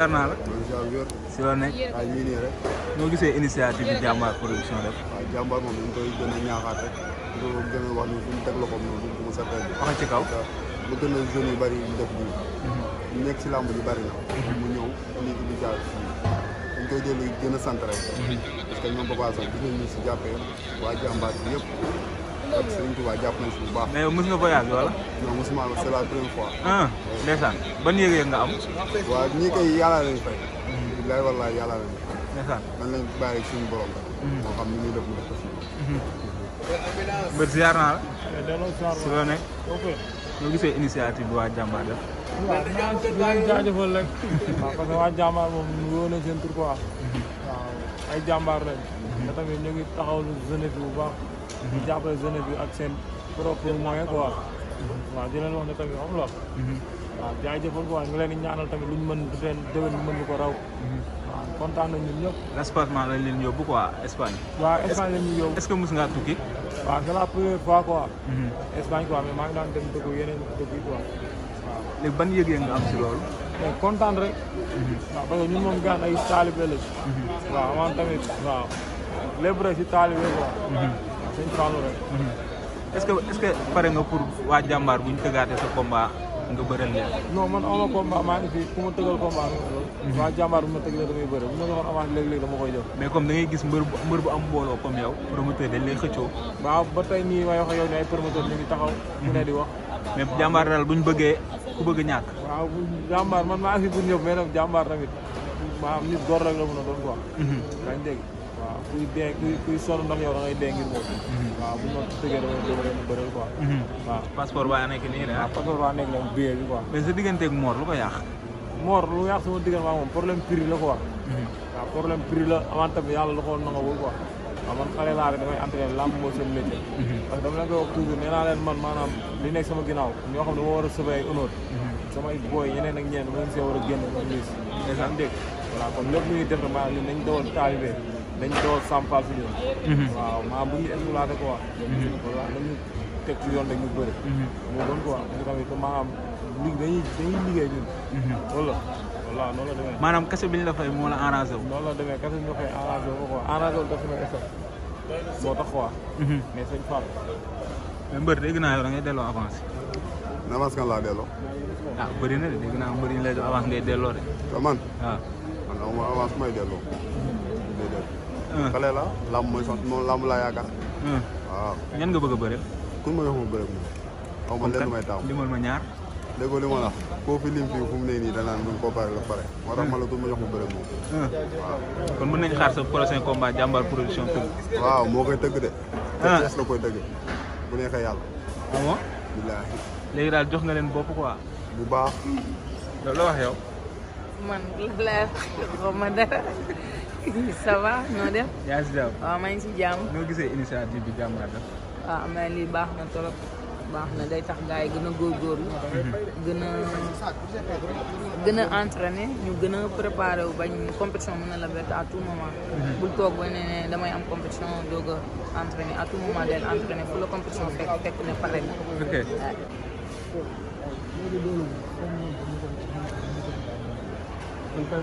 jaar naa la. si la nekk. waaw ñu nii rek. ñoo gisee initiative bi jàmbaar production def. waaw jàmbaar moom dañ koy gën ñaaxaat rek. di ko gën a wax ni bu mu teg loxoom noonu bu mu seetee bi. wax ci kaw bu gën a yu bari yu def bii. ñu mhm. nekk si làmb ji bari na. Mhm. mu ñëw lii di jaar fii. dañ koy dellu gën a sant rek. Mhm. parce que ñoom Papa Sow gis nañu si jàppee waa jàmbaar bi yëpp. ak Serigne jàpp nañ si bu baax. mais yow mos nga voyage wala. non mosuma c' est la première fois. Ah, ndeysaan nga am. waaw ñii kay yàlla lañ fay. bilaay wallaay yàlla lañ fay. ndeysaan man lañ bàyyi suñu borom la. Mhm. moo xam si. mbër mhm. ziar naa la. si la nekk. waa jàmbaar def. waaw maa ngi leen waa jàmbaar moom wóor nañ seen tur quoi. Mhm. ay jàmbaar lañ. te tamit ñu ngi taxawlu jeunesse bi bu di jàppale jeunesse bi ak seen propre moyen quoi. waaw di leen wax ne tamit am lool. waaw jaajëfal quoi ñu leen di ñaanal tamit lu luñ mën di leen déwén mën ñu ko raw. waaw kontaan nañ ñun ñëpp. respectivement lañ leen yóbbu quoi Espagne. waaw Espagne lañ ñu yóbbu. est-ce que mos ngaa tukki. waaw c'est la Espagne quoi mais maa ngi daan dem dëkk yeneen dëkk yi quoi waaw. léegi nga am si loolu. mais kontaan rek. waaw parce que ñun moom gaan ay taalibe la. waaw man tamit waaw lépp rek si taalibe Mhm. est-ce que est-ce que pare nga pour waa jàmbaar bu ñu tëggaatee sa combat nga bëral leen. non man ama combat maa ngi ku ma tëggal combat bi. Mhm. waa jàmbaar bu ma tëggalee damay bëre bu ma joxoon avance léeg-léeg dama koy jox. mais comme da ngay gis mbër bu mbër bu am mbooloo comme yow promoteur dañ lay xëccoo. waaw ba tey nii may wax ak yow ne ay promoteur ñu taxaw. ne di wax. mais jàmbaar daal bu ñu bëggee ku bëgg ñàkk. waaw bu jàmbaar man maa ngi fi pour ñëpp mais nag jàmbaar tamit maanaam nit góor rek la mën a doon quoi. Mhm. yaa ngi dégg waaw kuy dee kuy kuy sonn ndax yow da ngay dee ngir moom. Mhm. waaw bu ma tëggee damay déglu mu bëri quoi. Mhm. waaw passeport baa nekk nii de ah. waaw passeport baa nekk nii am billet bi quoi. mais sa digganteeg Mor lu ko yàq. Mor lu yàq sama diggante ak moom problème prix la quoi. Mhm. waaw problème prix la avant tamit yàlla lu ko nangawul quoi. waaw man xale laa rek damay entraîné làmb mooy seen métier. parce que dama leen koy wax toujours nee naa leen man maanaam li nekk sama ginnaaw ñoo xam ne dama war a sauver ay honneur. samay booy yeneen ak ñeen dama leen see war a génn ak liis. dégg nga voilà kon lépp lu ñuy def rek maanaam ñun dañu doon taalibe nañ doon sampal suñu waaw maa bu ñu exploité ko wax waaw nañu teg ci yoon rek ñu bëri mhm. moo gën ko wax parce que tamit maanaam li dañuy dañuy liggéey ñun wala mhm. voilà noonu la demee maanaam kase bi ñu la fay moo la arrangé wu noonu la demee kase bi ñu la fay arrangé wu ko arrangé wu daf na stock moo tax quoi mhm. mais sëñ Fall mais mbër dégg naa yow da ngay delloo avance avance kan laa delloo ah bëri na de dégg naa mbër yi ñu lay jox avance ngay delloo de man waaw ah. man aw ma avance may delloo Ah. xale la lamb mooy sax moom lamb laa yaakaar. Ah. waaw ñan nga bëgg a bëri. kun ma jox ma bëri moom. xaw ma lenn may taamu limal ma ñaar. li ma la koo fi lim fii fu mu ne nii danaan ah. ma la kun ma ma bëri moom. waaw kon koy tëgg de. ah te la koy tëgg bu neexee yàlla. amoo. billaahi. léegi daal jox nga leen bopp quoi. bu baax. loolu la wax yow. man la la wax dara. ça va noo def. yaa si jàmm waaw si initiative bi jàmm laa def. waaw am na lii trop. baax day tax gars yi gën a góorgóorlu. gën a ñu wu bañ compétition la à tout moment. damay am compétition doog a à tout moment del entraîné fu la compétition fekk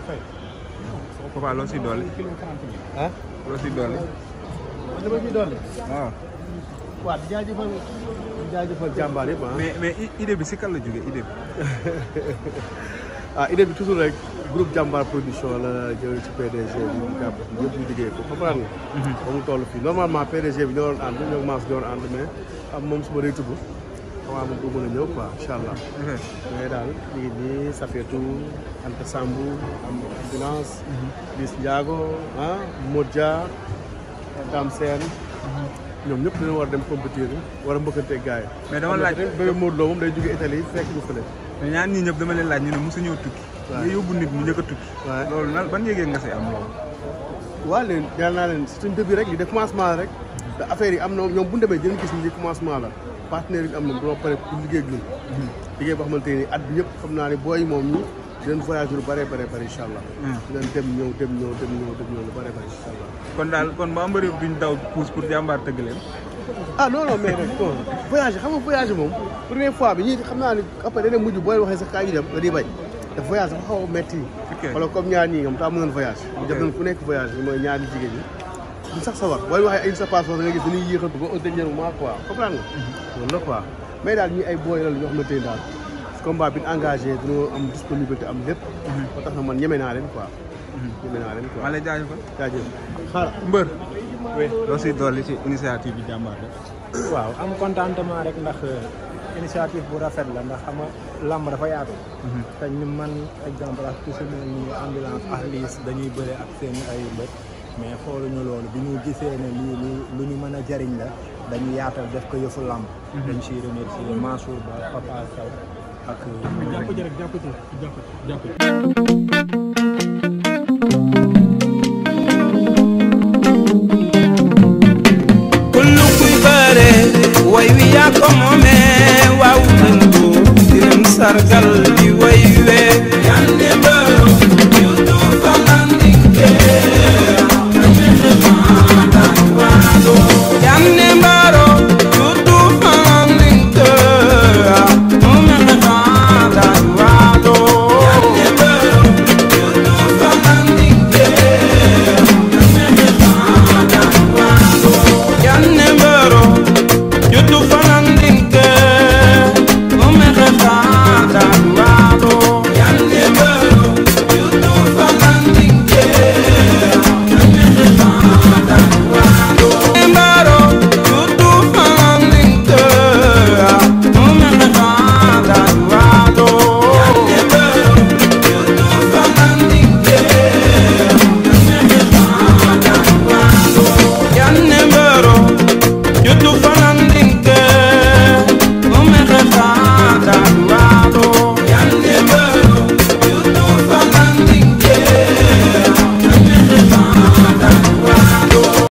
fekk Papa loo si dolli. ah loo si dolli. man dama si dolli. waaw. waaw di jaajëfal di jaajëfal jàmbaar yëpp mais bi si kan la jógee idée bi. ah idée bi toujours rek groupe jàmbaar production la jëlee ci PDG bi ñu liggéey ko comprendre nga. ba mu toll fii normalement PDG bi ñoo doon ànd ñoo ngi maas doon waaw moom bëgg na ñëw quoi incha allah. mais daal lii nii Safietou Anta Samb am ambulance. Liss Ndiago ah Modja Dame Sène. ñoom ñëpp dañoo war a dem compétir war a mbëkkante gars yi. mais dama laaj bébé Modou Lo moom day jóge Italie fekk ñu fële. mais ñaan ñii ñëpp dama leen laaj ñu ne mosu ñëw tukki. waaw nga nit mu njëkk tukki. waaw loolu ban yëgee nga say am loolu. waaw leen yàlla c'est un début rek li de commencement rek. te affaire yi am na bu ñu demee gis ni commencement la. partenaire yi ñu am na dañoo pare pour liggéey ak ñun. liggéey boo xamante ni at bi yëpp xam naa ne booy moom ñu dinañ voyage lu bare bare bare incha allah. Hmm. dinañ dem ñëw dem ñëw dem ñëw dem ñëw lu bare kon daal kon maa mbëri duñ daw pour jàmbaar tëgg leen. ah non non mais rek non voyage xam moom première bi ñii xam naa ni après dana mujj booy waxee sax kaa ñu dem da di bañ. voyage dafa xaw a métti. ok wala comme ñaar ñii ñoom taa mën nañ voyage. ok def nañ ku nekk voyage mooy ñaari jigéen ñi. du sax sawar booy waxee ay sa passeport da nga gis dañuy yéexantu ba au dernier moment quoi comprendre nga mais daal ñi ay booy la ñoo xamante ne daal combat bi engagé dañoo am disponibilité am lépp ba tax na man ñeme naa leen quoi ñeme naa leen quoi ma lay jaajëfal jaajëf xaar mbër loo ci initiative bi jàmbaar def waaw am contentement rek ndax euh, initiative bu rafet la ndax xam nga làmb dafa yaatu. Mhm. te ñu man exemple ak toujours ñu ambulance ak liis dañuy bëre ak seen ay mbër. mais xooluñu loolu bi ñu gisee ne lii lu ñu mën a jariñ la dañu yaatal def ko yëfu làmb mhm. dañ siy remercier Mansour Ba Papa ak euh, jàpp kuy bëre way wi yaa ko moomee waaw nañ ko dinañ sargal